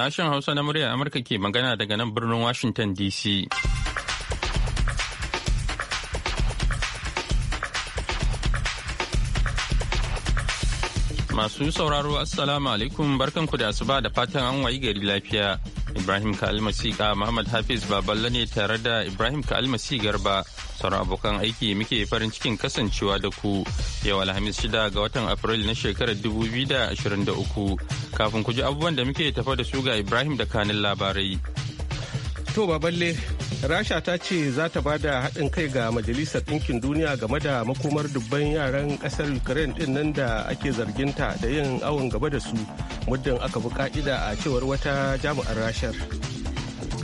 Sashen Hausa na muryar Amurka ke magana daga nan birnin Washington DC. Masu sauraro Assalamu alaikum barkanku da asuba da fatan an wayi gari lafiya. Ibrahim Kalmasi ka Muhammad Hafiz Baballe ne tare da Ibrahim Kalmasi ba sauran abokan aiki muke farin cikin kasancewa da ku yau Alhamis shida ga watan Afrilu na shekarar da uku kafin ku ji abubuwan da muke tafa da su ga Ibrahim da kanin labarai. To Baballe rasha ta ce za ta ba da haɗin kai ga majalisar ɗinkin duniya game da makomar dubban yaran ƙasar ukraine ɗin nan da ake zarginta da yin awon gaba da su muddin aka bi ka'ida a cewar wata jami'ar rashar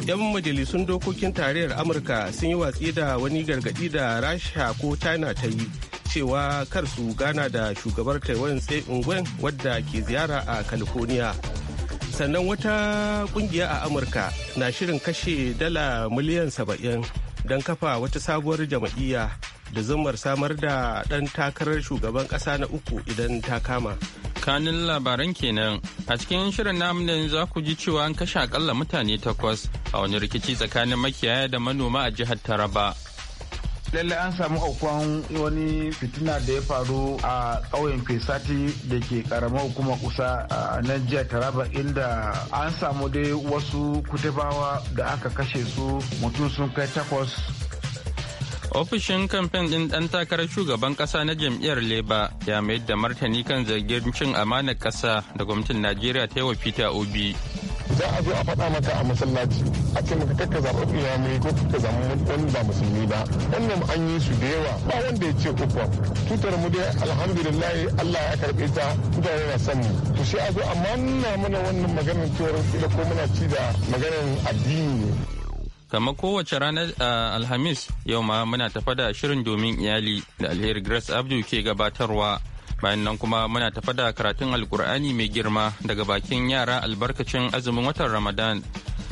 yan majalisun dokokin tarayyar amurka sun yi watsi da wani gargaɗi da rasha ko china ta yi cewa kar su gana da shugabar taiwan tsaye wadda ke ziyara a california sannan wata kungiya a amurka na shirin kashe dala miliyan saba'in don kafa wata sabuwar jama'iyya da zumar samar da ɗan takarar shugaban ƙasa na uku idan ta kama kanin labaran kenan a cikin shirin namu ne za ku ji cewa an kashe akalla mutane takwas a wani rikici tsakanin makiyaya da manoma a jihar taraba lallai an samu aukuwan wani fitina da ya faru a ƙauyen fesati da ke karamar hukuma kusa a nan jiya taraba inda an samu dai wasu kutubawa da aka kashe su mutum sun kai takwas ofishin kamfen ɗin ɗan takarar shugaban ƙasa na jam'iyyar leba ya mayar da martani kan zargin cin amanar ƙasa da gwamnatin najeriya ta yi wa peter obi za a zo a faɗa maka a masallaci a ce maka kakka zaɓi mai ko kakka zama wani ba musulmi ba wannan an yi su da yawa ba wanda ya ce uku tutar mu dai alhamdulillah Allah ya karɓe ta mutane na son mu to sai a zo amma nuna mana wannan maganar cewar kila ko muna ci da maganar addini ne kamar kowace ranar alhamis yau ma muna tafa da shirin domin iyali da alheri grace abdu ke gabatarwa bayan nan kuma muna tafa da karatun alkur'ani mai girma daga bakin yara albarkacin azumin watan ramadan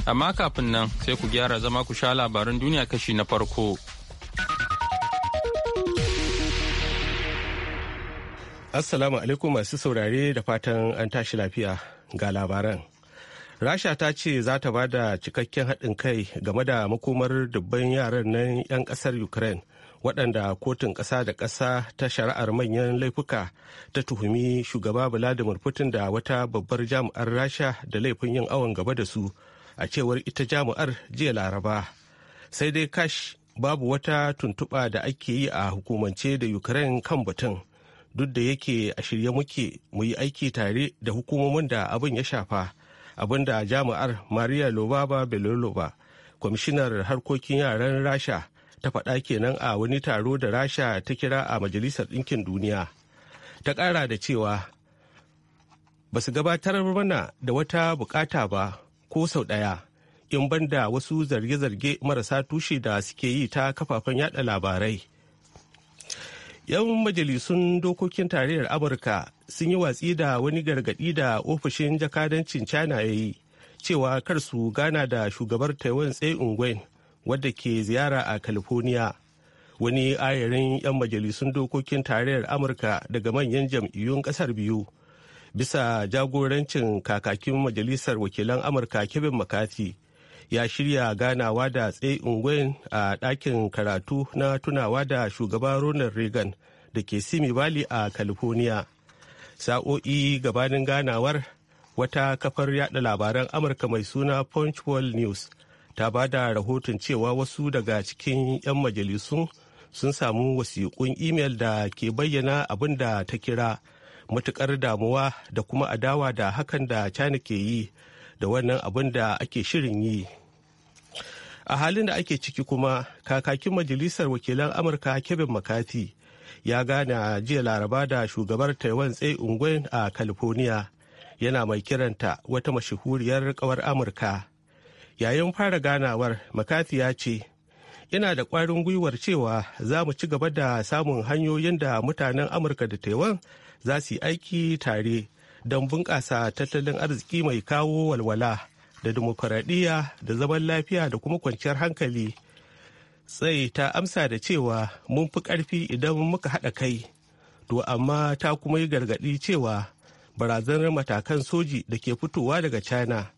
amma kafin nan sai ku gyara zama ku sha labaran duniya kashi na farko assalamu alaikum masu saurare da fatan an tashi lafiya ga labaran rasha ta ce za ta ba da cikakken haɗin kai game da makomar dubban yaran nan 'yan ƙasar ukraine waɗanda kotun ƙasa da ƙasa ta shari'ar manyan laifuka ta tuhumi shugaba vladimir putin da wata babbar jami'ar rasha da laifin yin awon gaba da su a cewar ita jami'ar jiya laraba sai dai kash babu wata tuntuɓa da ake yi a hukumance da ukraine kan batun duk da yake a shirye muke mu yi aiki tare da hukumomin da abin ya shafa abin da jami'ar maria lobaba belolova kwamishinar harkokin yaran rasha ta faɗa kenan a wani taro da rasha ta kira a majalisar ɗinkin duniya ta ƙara da cewa ba su gabatar mana da wata bukata ba ko sau ɗaya in banda wasu zarge-zarge marasa tushe da suke yi ta kafafen yada labarai 'yan majalisun dokokin tarayyar amurka sun yi watsi da wani gargaɗi da ofishin jakadancin china ya yi cewa kar su gana da shugabar taiwan tsaye ungwen wadda ke ziyara a california wani ayarin 'yan majalisun dokokin tarayyar amurka daga manyan jam'iyyun kasar biyu bisa jagorancin kakakin majalisar wakilan amurka kevin mccarthy ya shirya ganawa da tsaye unguwan a ɗakin karatu na tunawa da shugaba ronald reagan da ke simi bali a california sa'o'i gabanin ganawar wata kafar yada labaran amurka mai suna punch world news ta ba da rahoton cewa wasu daga cikin 'yan majalisun sun samu wasiƙun imel da ke bayyana abin da ta kira matuƙar damuwa da kuma adawa da hakan da china ke yi da wannan abin da ake shirin yi a halin da ake ciki kuma kakakin majalisar wakilan amurka kevin mccarthy ya gane jiya laraba da shugabar taiwan tsaye ungwen a california yana mai kiranta wata mashahuriyar kawar amurka yayin fara ganawar makafi ya ce ina da ƙwarin gwiwar cewa za mu ci gaba da samun hanyoyin da mutanen amurka da taiwan za su yi aiki tare don bunƙasa tattalin arziki mai kawo walwala da dimokuraɗiyya da zaman lafiya da kuma kwanciyar hankali sai ta amsa da cewa mun fi ƙarfi idan muka haɗa kai to amma ta kuma yi gargaɗi cewa barazanar matakan soji da ke fitowa daga china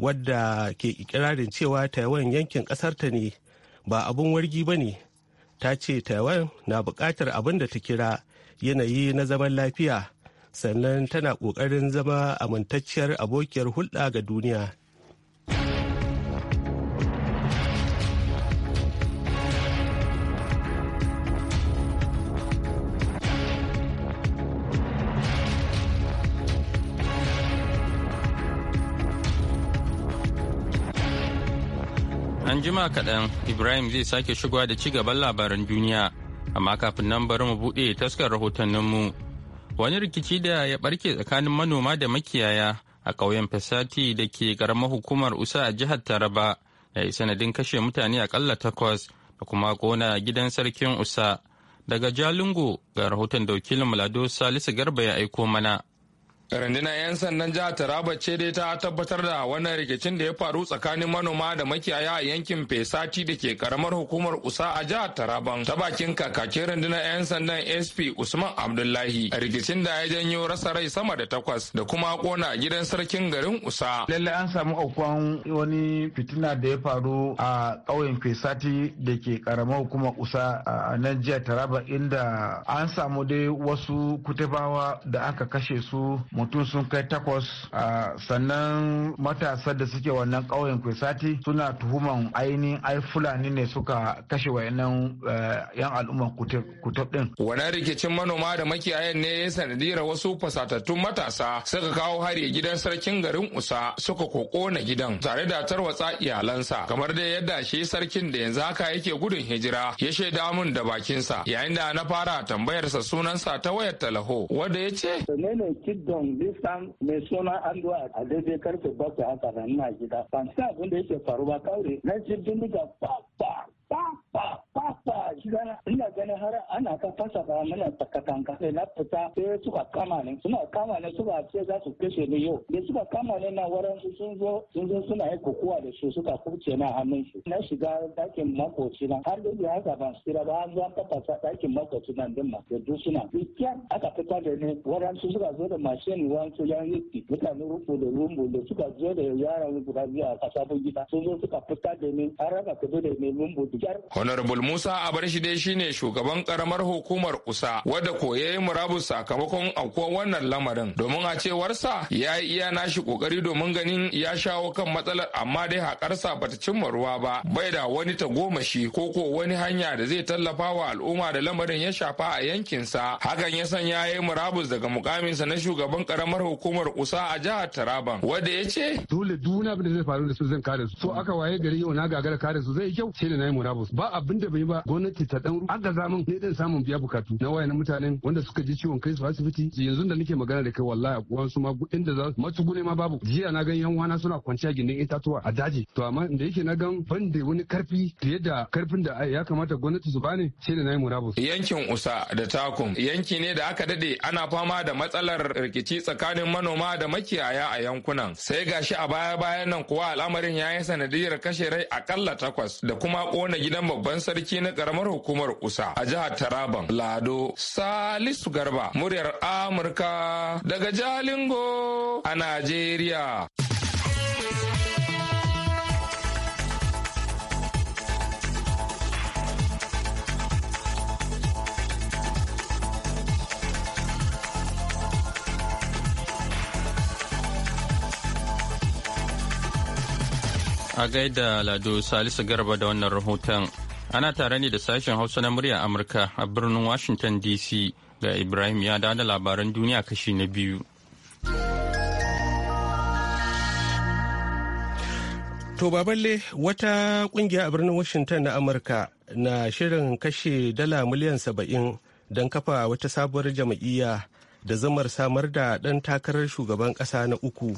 wadda ke ikirarin cewa taiwan yankin ƙasarta ne ba abun wargi ba ne ta ce taiwan na bukatar abin da ta kira yanayi na zaman lafiya sannan tana kokarin zama amintacciyar abokiyar hulɗa ga duniya An jima kaɗan Ibrahim zai sake shigowa da ci gaban labaran duniya, amma kafin nan bari mu buɗe taskar rahotanninmu. Wani rikici da ya ɓarke tsakanin manoma da makiyaya a ƙauyen Fesati da ke ƙaramar hukumar Usa a jihar Taraba ya yi sanadin kashe mutane aƙalla takwas da kuma ƙona gidan sarkin Usa. Daga Jalingo ga rahoton da wakilin Salisu Garba ya aiko mana. rundunar 'yan sandan jihar taraba ce dai ta tabbatar da wannan rikicin da ya faru tsakanin manoma da makiyaya a yankin fesati da ke karamar hukumar usa a jihar taraban ta bakin kakakin rundunar 'yan sandan sp usman abdullahi a rikicin da ya janyo rasa rai sama da takwas da kuma kona gidan sarkin garin usa lallai an samu aukuwan wani fitina da ya faru a ƙauyen fesati da ke karamar hukumar usa a nan jihar taraba inda an samu dai wasu kutubawa da aka kashe su mutum sun kai takwas sannan matasa da suke wannan ƙauyen kwesati suna tuhuman ainihin ai fulani ne suka kashe wayannan eh, yan al'ummar kutub din wannan rikicin manoma da makiyayan ne ya sanadiyar wasu fasatattun matasa suka kawo hari gidan sarkin garin usa suka kokona gidan tare da tarwatsa iyalansa kamar dai yadda shi sarkin da yanzu haka yake gudun hijira ya shaida mun da bakinsa yayin da na fara tambayarsa sunansa ta wayar talaho wanda ya ce menene kiddon this mai suna alwa a daidai karfe bakwai haka na gida ban san abin da yake faruwa kawai na ji bindiga ba ba ba ba fasa gana ina ganin har ana ka fasa ba mana takatanka sai na fita sai suka kama ne suna kama ne suka ce za su kashe ni yau da suka kama ne na waran su sun zo sun zo suna yi kokowa da su suka kuce na hannun su na shiga dakin makoci na har dai haka ban tsira ba an zo an tafasa dakin makoci nan din ma da suna bikiyar aka fita da ni waran su suka zo da mashin wan su yan yi mutane rufu da rumbu da suka zo da yaran guda biyu a kasafin gida sun zo suka fita da ni har aka fito da ni rumbu da kyar. Musa Abarshi dai shine shugaban karamar hukumar kusa wadda koye murabus sakamakon aukuwar wannan lamarin domin a cewarsa ya yi iya nashi kokari domin ganin ya shawo kan matsalar amma dai haƙarsa bata cimma ruwa ba bai da wani tagomashi ko ko wani hanya da zai tallafa wa al'umma da lamarin ya shafa a yankinsa hakan ya sanya ya yi murabus daga mukaminsa na shugaban karamar hukumar kusa a jihar Taraban wadda ya ce dole duk abin da zai faru da su zan kare su so aka waye gari yau na gagara kare su zai kyau sai da na yi murabus ba abin da yi ba gwamnati ta dan ga min ne dan samun biya bukatu na wayan mutanen wanda suka ji ciwon kai su asibiti yanzu da nake magana da kai wallahi su ma inda za su gune ma babu jiya na gan yan wana suna kwanciya gindin itatuwa a daji to amma da yake na gan ban da wani karfi fiye da karfin da ya kamata gwamnati su bani sai da nayi murabus yankin usa da takum yanki ne da aka dade ana fama da matsalar rikici tsakanin manoma da makiyaya a yankunan sai gashi a baya bayan nan kuwa al'amarin ya yi sanadiyar kashe rai akalla takwas da kuma kona gidan babban sarki sarki na karamar hukumar Usa a jihar Taraban Lado Salisu Garba muryar Amurka daga Jalingo a Najeriya. a gaida lado salisu garba da wannan rahoton Ana tare ne da sashen Hausa na murya Amurka a birnin Washington DC ga Ibrahim ya da labaran duniya kashi na biyu. To baballe wata kungiya a birnin Washington na Amurka na shirin kashe dala miliyan saba'in don kafa wata sabuwar jam'iyya da zamar samar da ɗan takarar shugaban ƙasa na uku.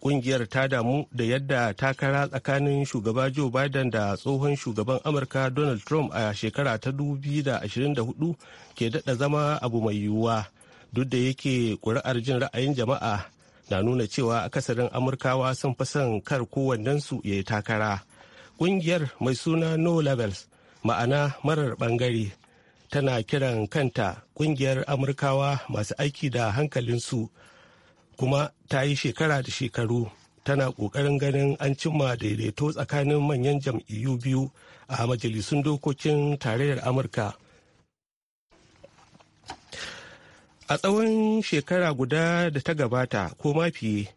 kungiyar ta damu da yadda takara tsakanin shugaba joe biden da tsohon shugaban amurka donald trump a shekara ta 2024 ke dada zama abu mai yiwuwa duk da yake kuri'ar jin ra'ayin jama'a na nuna cewa akasarin amurkawa sun fi son kar kowannensu ya yi takara kungiyar mai suna no levels ma'ana marar bangare tana kiran kanta kungiyar amurkawa masu aiki da hankalinsu kuma ta yi shekara da shekaru tana ƙoƙarin ganin an cimma daidaito tsakanin manyan jam'iyyu biyu a majalisun dokokin tarayyar amurka a tsawon shekara guda da ta gabata ko ma fiye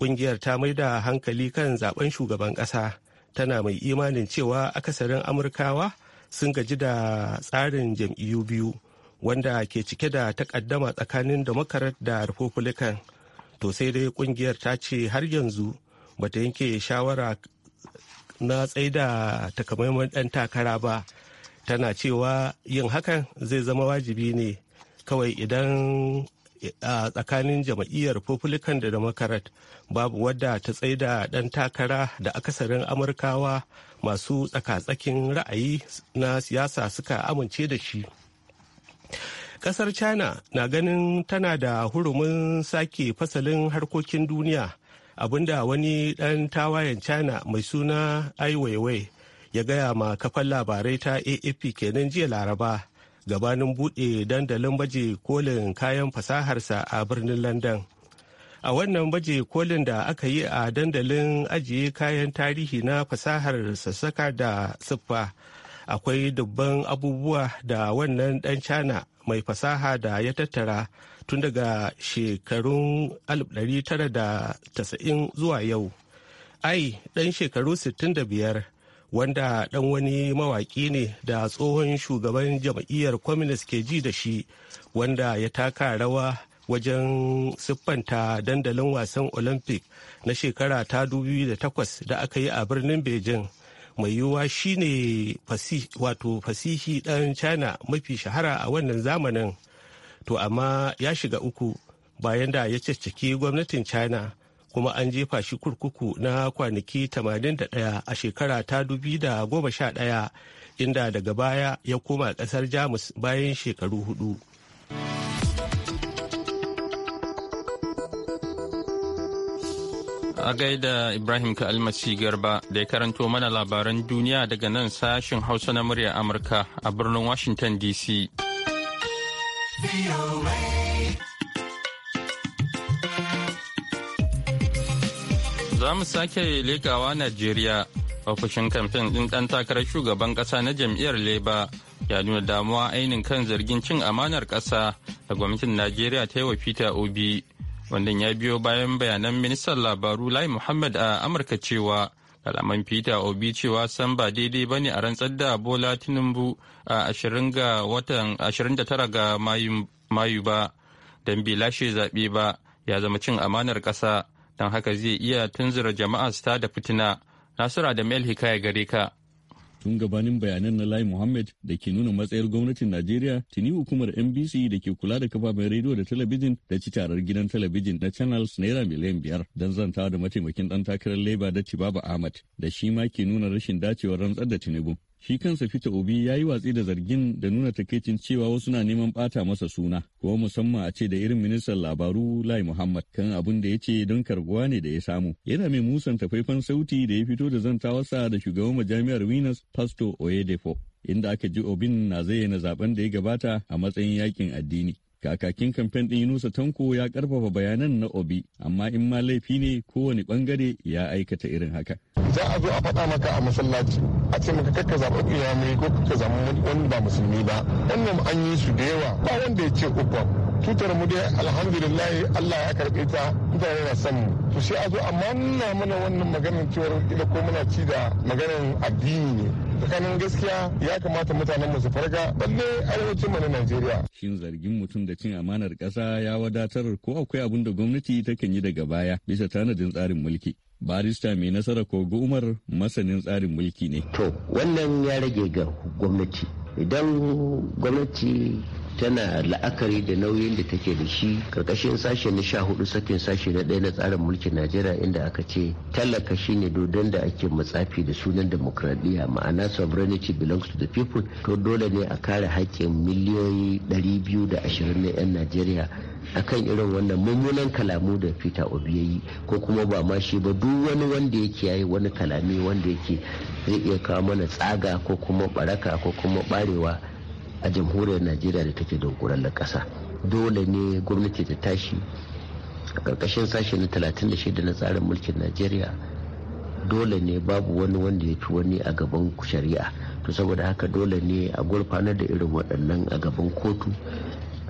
kungiyar ta mai da hankali kan zaben shugaban ƙasa tana mai imanin cewa akasarin amurkawa sun gaji da tsarin jam'iyyu biyu wanda ke cike da takaddama tsakanin democrat da republican to sai dai kungiyar ta ce har yanzu bata yanke shawara na tsaida takamaiman ɗan takara ba tana cewa yin hakan zai zama wajibi ne kawai idan a tsakanin jam'iyyar republican da democrat babu wadda ta tsaida ɗan takara da akasarin amurkawa masu tsaka-tsakin ra'ayi na siyasa suka amince da shi kasar china na ganin tana da hurumin sake fasalin harkokin duniya abinda wani ɗan tawayen china mai suna ai weiwei ya gaya ma kafan labarai ta afp kenan jiya laraba gabanin buɗe dandalin baje kolin kayan fasaharsa a birnin london a wannan baje kolin da aka yi a dandalin ajiye kayan tarihi na fasahar sassaka da siffa akwai dubban abubuwa da wannan dan china mai fasaha da ya tattara tun daga shekarun 1990 zuwa yau ai dan shekaru 65 wanda dan wani mawaki ne da tsohon shugaban jam'iyyar communist ke ji da shi wanda ya taka rawa wajen siffanta dandalin wasan olympic na shekara ta 2008 da aka yi a birnin beijing mai yiwuwa shine wato fasihi ɗan china mafi shahara a wannan zamanin to amma ya shiga uku bayan da ya caccaki gwamnatin china kuma an jefa shi kurkuku na kwanaki 81 a shekara ta 2011 inda daga baya ya koma kasar jamus bayan shekaru hudu A gaida Ibrahim ka almasi garba da ya karanto mana labaran duniya daga nan sashen Hausa na murya Amurka a birnin Washington DC. Za mu sake lekawa Najeriya, ofishin kamfen ɗin ɗan takarar shugaban ƙasa na jam'iyyar leba ya nuna damuwa ainihin kan zargin cin amanar ƙasa da gwamnatin najeriya ta yi wa peter obi Wannan ya biyo bayan bayanan ministan labaru Lai Muhammad a Amurka cewa kalaman Peter Obi cewa san ba daidai ba ne a rantsar da Bola Tinubu a 29 ga Mayu ba don bai lashe zaɓe ba ya zama cin amanar ƙasa don haka zai iya tunzura jama'a su da fitina. Nasura da Mel Hikaya gare ka. tun gabanin bayanan na Lai Mohammed da ke nuna matsayar gwamnatin Najeriya tuni hukumar NBC da ke kula da kafafen rediyo da talabijin da ci tarar gidan talabijin na channels naira miliyan biyar don zantawa da mataimakin dan takarar Labour da Tibaba Ahmad da shi ma ke nuna rashin dacewar rantsar da Tinubu. shi kansa Peter Obi ya yi watsi da zargin da nuna takaicin cewa wasu na neman bata masa suna, kuma musamman a ce da irin ministan labaru Lai Muhammad kan abin da ya ce don karbuwa ne da ya samu. Yana mai musan tafaifan sauti da ya fito da zantawarsa da shugaban majami'ar Venus Pastor Oyedepo. Inda aka ji Obin na zayyana zaben da ya gabata a matsayin yakin addini. Kakakin kamfen ɗin Yunusa Tanko ya karfafa bayanan na Obi, amma in ma laifi ne kowane bangare ya aikata irin haka. Za a zo a faɗa maka a masallaci a ce maka kakka zaɓi mai ko kakka zaɓi wani ba musulmi ba. Wannan an yi su da yawa ba wanda ya ce uku. tutar mu dai alhamdulillah Allah ya karɓe ta mutane na san mu to sai a zo amma nuna mana wannan maganar cewar ila ko muna ci da maganar addini ne tsakanin gaskiya ya kamata mutanen mu su farga balle arewacin mu na Najeriya. Shin zargin mutum da cin amanar ƙasa ya wadatar ko akwai abin da gwamnati takan yi daga baya bisa tanadin tsarin mulki? barista mai nasara kogo umar masanin tsarin mulki ne. To, wannan ya rage ga gwamnati. Idan gwamnati tana la'akari da nauyin da take da shi karkashin sashe na sha hudu sakin sashe na ɗaya na tsarin mulkin najeriya inda aka ce talaka shine dodon da ake matsafi da sunan demokradiyya ma'ana sovereignty belongs to the people to dole ne a kare haƙƙin miliyoyi da ashirin na 'yan najeriya akan irin wannan mummunan kalamu da fita obi ya ko kuma ba ma shi ba duk wani wanda yake yayi wani kalami wanda yake zai iya kawo mana tsaga ko kuma baraka ko kuma barewa a jamhuriyar najeriya da take dunkuren na kasa dole ne gwamnati ta tashi a ƙarƙashin sashe na 36 na tsarin mulkin najeriya dole ne babu wani wanda ya ci wani a gaban shari'a to saboda haka dole ne a gurfanar da irin waɗannan a gaban kotu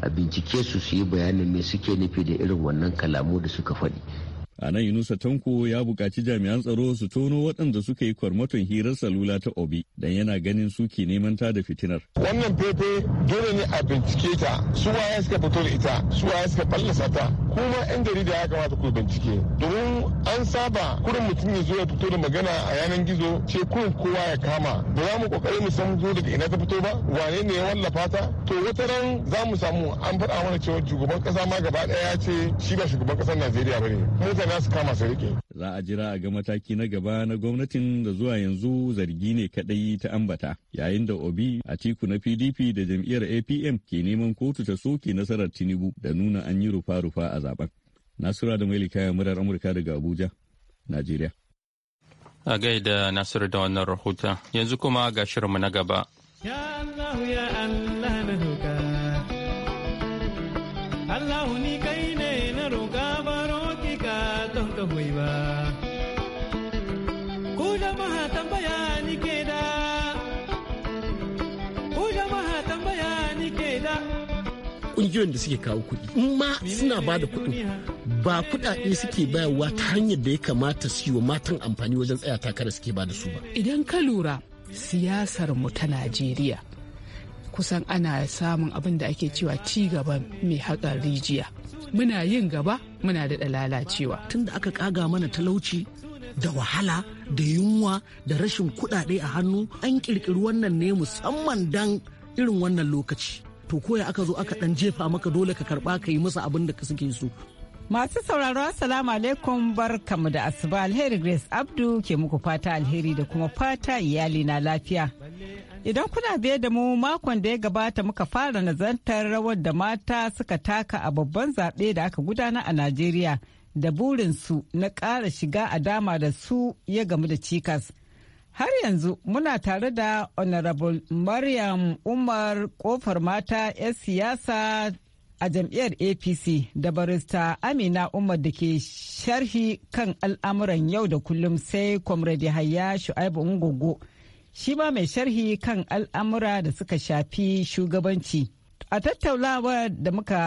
a bincike su su yi bayanin me suke nufi da irin wannan kalamu da suka faɗi A nan Yunusa Tanko ya bukaci jami'an tsaro su tono waɗanda suka yi kwarmaton hirar salula ta Obi don yana ganin suke neman ta da fitinar. Wannan fefe dole ne a bincike ta, su waye suka fito da ita, su waye suka fallasa ta, kuma 'yan jarida ya kamata ku bincike domin an saba kurin mutum ya zo ya fito da magana a yanar gizo ce kurin kowa ya kama ba za mu kokari mu san zo daga ina ta fito ba wane ne ya wallafa ta to wata ran za mu samu an faɗa mana cewa shugaban kasa ma gaba ɗaya ya ce shi ba shugaban ƙasar Najeriya ba ne mutane su kama su rike za a jira a ga mataki na gaba na gwamnatin da zuwa yanzu zargi ne kadai ta ambata yayin da obi a tiku na pdp da jam'iyyar apm ke neman kotu ta soke nasarar tinubu da nuna an yi rufa-rufa a zaben. Nasura da Maili kayan murar Amurka daga Abuja, Najeriya. A gaida Nasiru da wannan rahoton yanzu kuma ga shirinmu na gaba. Ya Allah ni kai ne na roƙa baro ki ka don ba. rediyon da suke kawo kuɗi in ma suna ba da kuɗi ba kuɗaɗe suke bayarwa ta hanyar da ya kamata su yi wa matan amfani wajen tsaya takara suke ba da su ba idan ka lura siyasar mu ta najeriya kusan ana samun abin da ake cewa ci gaba mai haƙar rijiya muna yin gaba muna da lalacewa tun da aka kaga mana talauci da wahala da yunwa da rashin kuɗaɗe a hannu an ƙirƙiri wannan ne musamman dan irin wannan lokaci to koya aka zo aka dan jefa maka dole ka karba ka yi musu abin da ka suke so Masu sauraro Assalamu alaikum barkamu da asuba alheri Grace Abdu ke muku fata alheri da kuma fata iyali na lafiya. Idan kuna biye da mu makon da ya gabata muka fara nazartar rawar da mata suka taka a babban zaɓe da aka gudana a Najeriya da burinsu na ƙara shiga a dama da su ya gamu da cikas. Har yanzu muna tare da Honorable Maryam Umar kofar mata 'yan siyasa a jam'iyyar APC da barista Amina Umar da ke sharhi kan al'amuran yau da kullum sai Comrade Hayya Shu'aibu Ngogo shi ma mai sharhi kan al'amura da suka shafi shugabanci. A tattaunawa da muka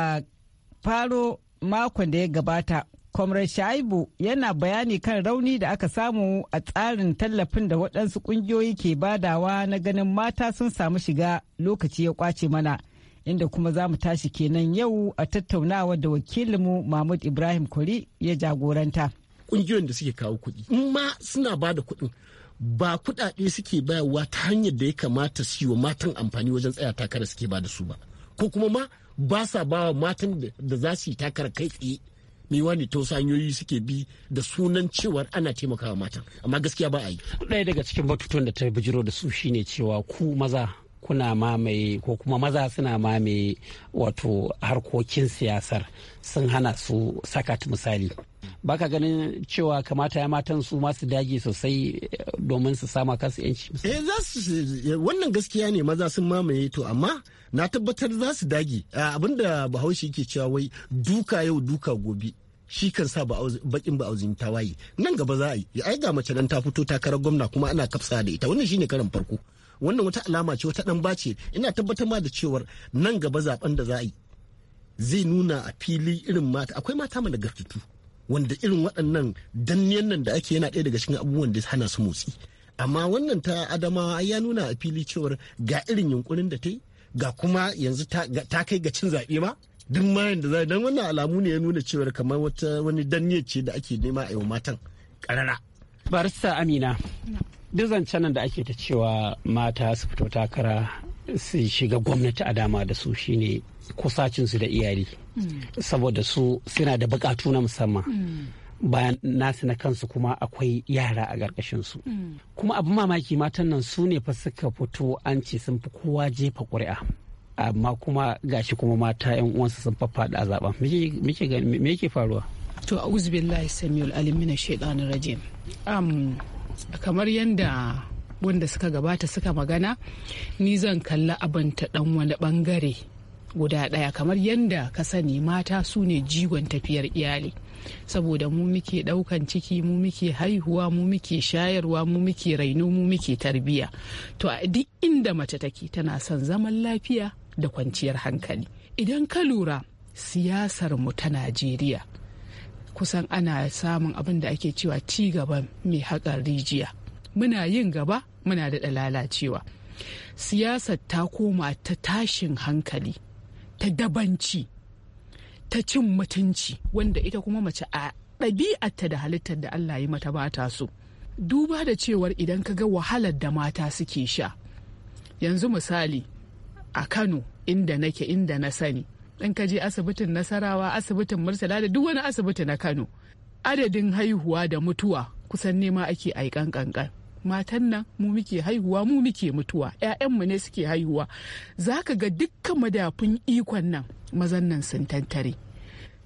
faro makon da ya gabata Comrade Shaibu yana bayani kan rauni da aka samu a tsarin tallafin da waɗansu ƙungiyoyi ke badawa na ganin mata sun samu shiga lokaci ya kwace mana. Inda kuma za mu tashi kenan yau a tattaunawa da wakilinmu Mahmud Ibrahim Kuri ya jagoranta. Ƙungiyoyin da suke kawo kuɗi, in ma suna ba da kuɗin ba kuɗaɗe suke bayarwa ta hanyar da ya kamata su yi wa matan amfani wajen tsaya takara suke ba da su ba. Ko kuma ma ba sa ba wa matan da za su yi takara kai tsaye mi wani to sanyoyi suke bi da sunan cewar ana taimakawa matan amma gaskiya ba a yi ɗaya daga cikin batutuwan da ta bijiro da su shine cewa ku maza kuna mamaye ko kuma maza suna mamaye wato harkokin siyasar sun hana su sakat misali baka ganin cewa kamata ya matan su masu dage sosai eh, domin su sama kansu yanci eh za su eh, wannan gaskiya ne maza sun mamaye to amma na tabbatar za su dage abinda bahaushe yake cewa wai duka yau duka gobe shi kan sa bakin ba auzin tawaye nan gaba za a yi ai ga mace nan ta fito takarar gwamna kuma ana kafsa da ita wannan shine karan farko wannan wata alama ce wata dan bace ina tabbatar ma da cewar nan gaba zaben da za a yi zai nuna a fili irin mata akwai mata gartutu wanda irin waɗannan danniyan nan da ake yana ɗaya daga cikin abubuwan da hana su motsi amma wannan ta Adamawa ya nuna a fili cewar ga irin yunkurin da ta yi ga kuma yanzu ta kai ga cin zaɓe ma duk ma da za dan wannan alamu ne ya nuna cewar kamar wata wani danniyar ce da ake nema a yau matan ƙarara barista amina duk zancen da ake ta cewa mata su fito takara su shiga gwamnati a dama da su shine kusacinsu da iyali mm. saboda su suna da bukatu na musamman mm. bayan nasu na kansu kuma akwai yara a su mm. kuma abin mamaki matan nan su ne fa suka fito an ce sun fi kowa jefa ƙuri'a amma kuma gashi kuma mata 'yan uwansu sun faffaɗa a zaɓen me yake faruwa to a'udhu billahi samiul alim min rajim kamar yadda wanda suka gabata suka magana ni zan kalla abin ta dan wani bangare guda daya kamar yadda ka sani mata su ne jigon tafiyar iyali saboda mu muke daukan ciki mu muke haihuwa mu muke shayarwa mu muke raino mu muke tarbiya to a duk inda mace take tana son zaman lafiya da kwanciyar hankali idan ka lura siyasar mu ta najeriya kusan ana samun abin da ake cewa ci gaban mai haƙar rijiya muna yin gaba muna da lalacewa siyasar ta koma ta tashin hankali ta dabanci ta cin mutunci wanda ita kuma mace a ɗabi'arta da halittar da Allah yi mata bata so duba da cewar idan ka ga wahalar da mata suke sha yanzu misali a kano inda nake inda na sani in ka je asibitin nasarawa asibitin murtala da duk wani asibiti na kano adadin haihuwa da mutuwa kusan nema ake a kankan matan nan mu muke haihuwa mu muke mutuwa 'ya'yanmu ne suke haihuwa za ka ga dukkan madafun ikon nan mazan nan sun tantare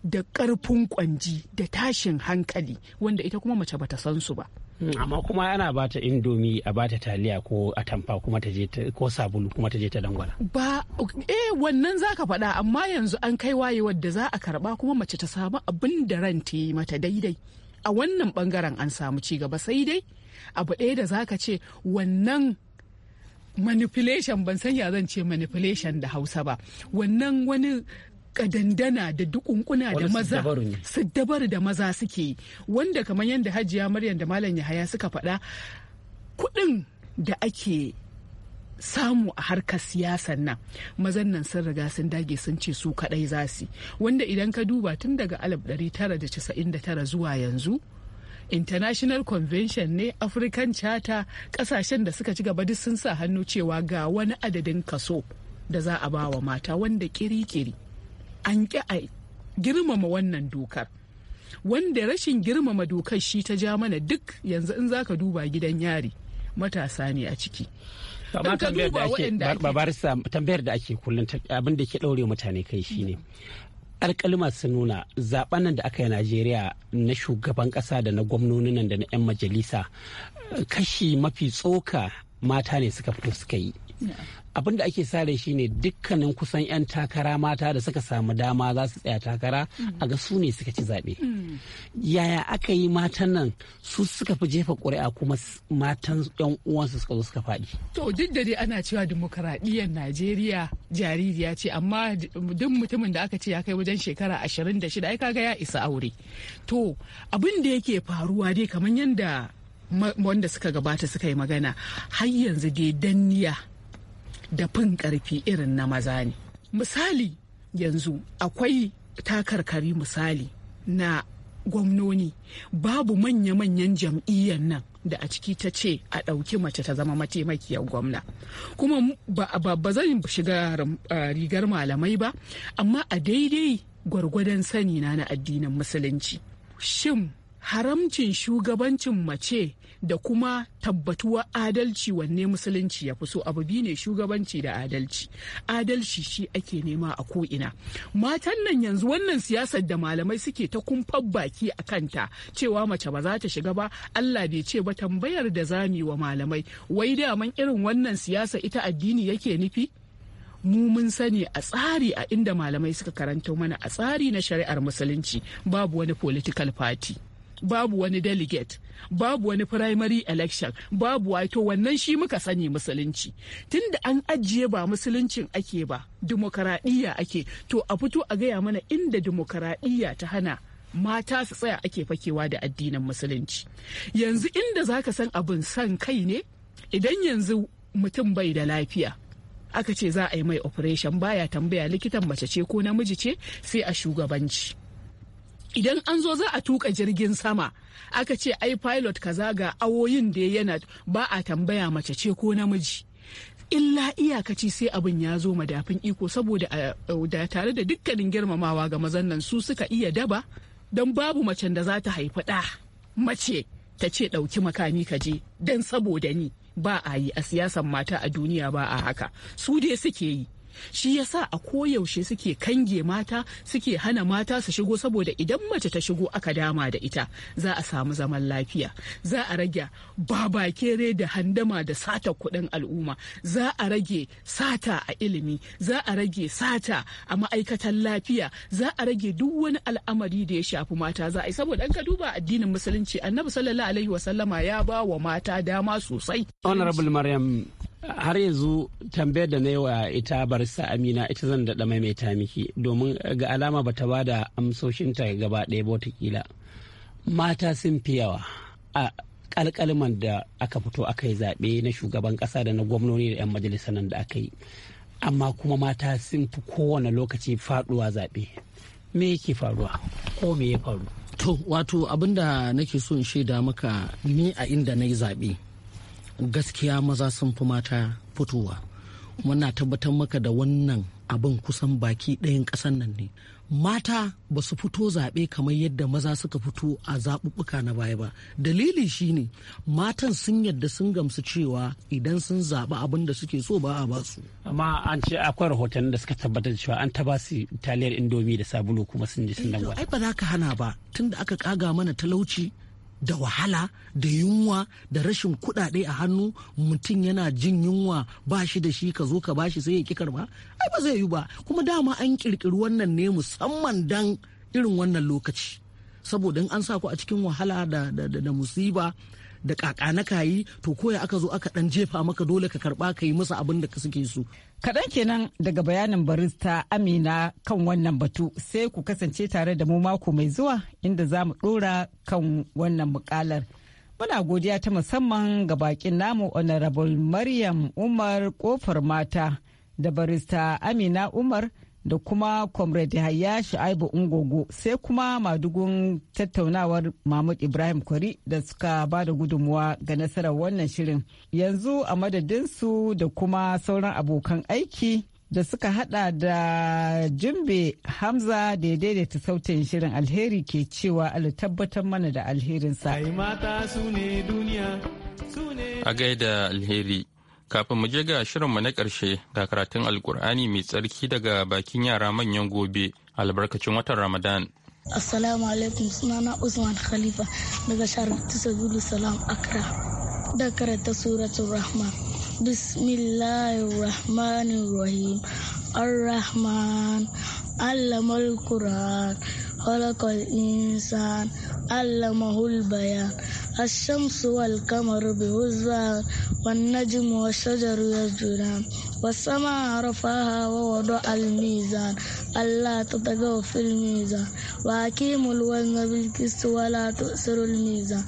da ƙarfin kwanji da tashin hankali wanda ita kuma mace bata san su ba Mm, amma kuma ana bata indomi a bata taliya ko tamfa kuma ta je ko sabulu kuma ta je ta dangwala ba eh wannan zaka faɗa amma yanzu an kai wayewar da za a karba kuma mace ta samu abin da ta yi mata daidai a wannan bangaren an samu ci gaba sai dai abu ɗaya da zaka ce wannan manipulation ban san ya zan ce manipulation da hausa ba wannan wani kadandana da dukunkuna da maza su dabar da maza suke wanda kamar yadda hajiya maryam da malam yahaya suka faɗa kuɗin da ake samu a harkar siyasan nan mazan nan sun riga sun dage sun ce su kadai za su wanda idan ka duba tun daga 1999 zuwa yanzu international convention ne african charter kasashen da suka ci gaba duk sun sa hannu cewa ga wani adadin kaso da za a ba wa mata wanda kiri-kiri an ƙi a girmama wannan dokar wanda rashin girmama dokar shi ta ja mana duk yanzu in zaka duba gidan yari matasa ne a ciki tambayar da ake kullum abin da ke ɗaure mutane kai shine alkalima sun nuna zaben nan da aka yi najeriya na shugaban ƙasa da na gwamnoni nan da na 'yan majalisa kashi mafi tsoka mata ne suka fito suka yi abin da ake sare shi ne dukkanin kusan 'yan takara mata da suka samu dama za su tsaya takara a ga su ne suka ci zaɓe mm. yaya aka yi matan nan su suka fi jefa ƙuri'a kuma matan 'yan uwansu suka zo suka faɗi to duk da dai ana cewa dimokuraɗiyyar najeriya jaririya ce amma duk mutumin da aka ce ya kai wajen shekara ashirin da shida ai kaga ya isa aure to abin da yake faruwa dai kamar yadda wanda suka gabata suka yi magana har yanzu dai danniya da fin karfi irin na maza ne misali yanzu akwai takarkari misali na gwamnoni babu manya-manyan jam'iyyar nan da a ciki ta ce a ɗauki mace ta zama mataimakiyar gwamna kuma ba zan shiga eh, rigar malamai ba amma a daidai gwargwadon sani na na addinin musulunci shin haramcin shugabancin mace da kuma tabbatuwar adalci wanne musulunci ya fi so abu biyu ne shugabanci da adalci adalci shi ake nema a ko'ina matan nan yanzu wannan siyasar da malamai suke ta kumfar baki a kanta cewa mace ba za ta shiga ba allah bai ce ba tambayar da zami wa malamai wai daman irin wannan siyasa ita addini yake nufi mu mun sani a tsari a inda malamai suka karanta mana a tsari na shari'ar musulunci babu wani political party babu wani delegate babu wani primary election babu wato wannan shi muka sani musulunci tunda an ajiye ba musuluncin ake ba dimokuraɗiyya ake to a fito a gaya mana inda dimokuraɗiyya ta hana mata su tsaya ake fakewa da addinin musulunci yanzu inda zaka san abin san kai ne idan yanzu mutum bai da lafiya aka ce za a yi mai operation baya tambaya likitan mace ce ko namiji ce sai a shugabanci idan an zo za a tuka jirgin sama aka ce ai pilot kaza ga awoyin da yana ba a tambaya mace ce ko namiji illa iyakaci sai abin ya zo madafin iko saboda da tare da dukkanin girmamawa ga mazan nan su suka iya daba don babu macen da za ta haifi ɗa mace ta ce ɗauki makami ka je don saboda ni ba a yi a siyasan mata a duniya ba a haka su dai suke yi shi yasa a koyaushe suke kange mata suke hana mata su shigo saboda idan mace ta shigo aka dama da ita za a samu zaman lafiya za a rage babakere da handama da sata kuɗin al'umma za a rage sata a ilimi za a rage sata a ma'aikatan lafiya za a rage duk wani al'amari da ya shafi mata za a yi saboda an ka duba addinin musulunci annabi sallallahu alaihi sallama ya ba wa mata dama sosai honorable maryam har yanzu tambayar da na yi wa ita barista amina ita zan daɗa maimaita miki domin ga alama ba ta bada amsoshinta gaba ɗaya ba watakila mata sun fi yawa a ƙalƙalman da aka fito aka yi zaɓe na shugaban ƙasa da na gwamnoni da 'yan majalisar nan da aka yi amma kuma mata sun fi kowane lokaci faɗuwa zaɓe me yake faruwa ko me ya faru to wato abinda nake so in shaida maka ni a inda na yi zaɓe gaskiya maza sun fi mata fitowa muna tabbatar maka da wannan abin kusan baki ɗayan ƙasan nan ne mata ba su fito zaɓe kamar yadda maza suka fito a zaɓuɓɓuka na baya ba dalili shine matan sun yadda sun gamsu cewa idan sun zaɓi abin da suke so ba a basu amma an ce akwai rahoton da suka tabbatar cewa an ta su taliyar indomi da sabulu kuma sun ji sun eh, ai ba za ka hana ba tunda aka kaga mana talauci da wahala da yunwa da rashin kuɗaɗe a hannu mutum yana jin yunwa ba shi da shi ka zo ka bashi sai ya ki karba ai ba zai yi ba kuma dama an kirkiri wannan ne musamman dan irin wannan lokaci saboda an sa ku a cikin wahala da musiba da kaka na kayi to koya aka zo aka dan jefa maka dole ka karba ka yi musu abin da ka suke so kaɗan kenan daga bayanin barista amina kan wannan batu sai ku kasance tare da mu mako mai zuwa inda za mu ɗora kan wannan mukalar muna godiya ta musamman ga bakin namu honorable maryam umar kofar mata da barista amina umar da kuma comrade Yahaya Shu'aibu Ungogo sai kuma madugun tattaunawar Mahmud Ibrahim Kwari da suka ba da gudunmuwa ga nasarar wannan shirin. Yanzu a madadinsu da kuma sauran abokan aiki da suka hada da jimbe Hamza da ya daidaita sautin shirin alheri ke cewa ala tabbatar mana da alherinsa. A gaida alheri. Kafin mu je ga shirinmu na ƙarshe ga karatun alkur'ani mai tsarki daga bakin yara manyan gobe albarkacin watan Ramadan. Assalamu alaikum sunana Usman Khalifa daga Sharar Tisabulu Salam akra Da karanta suratul Rahman. rahim Ar-Rahman. Allamal Qur'an. Khalaqal insan. Allamahul bayan. الشمس والقمر بهزوان والنجم والشجر يسجدان والسماء رفعها ووضع الميزان ألا تطغوا في الميزان وأقيموا الوزن بالقسط ولا تؤثروا الميزان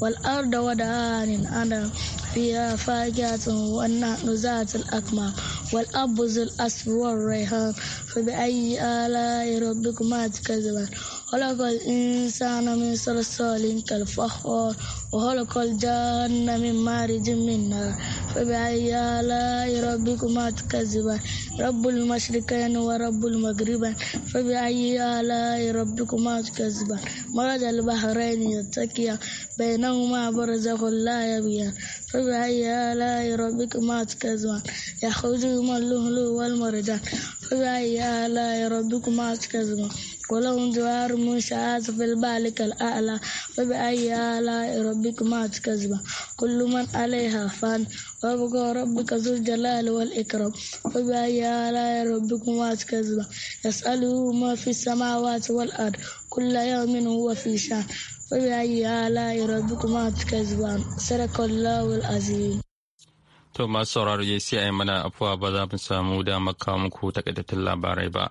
والأرض وضعها للأنام فيها فاكهة والنحل ذات الأكمام والأبز الأسف والريحان فبأي آلاء ربكما تكذبان خلق الإنسان من صلصال كالفخار وخلق الجنة من مارج من نار فبأي آلاء ربكما تكذبان رب المشرقين ورب المغربين فبأي آلاء ربكما تكذبان مرج البحرين يلتقيان بينهما برزخ لا يبيان فبأي آلاء ربكما تكذبان يخرج من اللؤلؤ والمرجان فبأي آلاء ربكما تكذبان ولهم جوار منشآت في البحر الأعلى فبأي آلاء ربكما تكذبان كل من عليها فان وابقى ربك ذو الجلال والإكرام فبأي آلاء ربكما تكذبان يسأله ما في السماوات والأرض كل يوم هو في شان فبأي آلاء ربكما تكذبان صدق الله العظيم To masu sauraro ya sai a yi mana afuwa ba za mu samu damar kawo muku takaitattun labarai ba.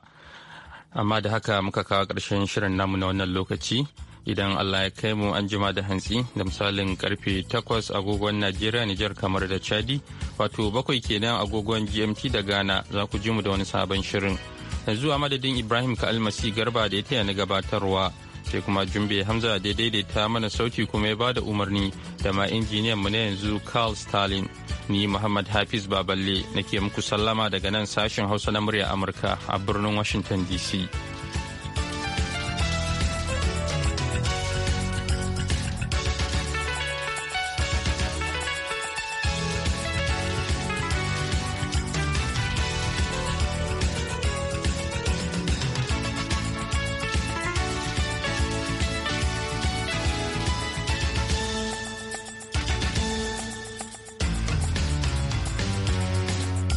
amma da haka muka kawo ƙarshen shirin namu na wannan lokaci idan allah ya kai mu an jima da hantsi da misalin karfe 8 agogon najeriya nijar kamar da chadi wato bakwai kenan agogon gmt da ghana za ku ji mu da wani sabon shirin yanzu a madadin ibrahim ka almasi garba da ya taya na gabatarwa sai kuma jumbe hamza da daidaita mana sauki kuma ya ba da umarni da ma injiniyan mu na yanzu carl stalin ni muhammad hafiz baballe nake muku sallama daga nan sashen hausa na murya amurka a birnin washington dc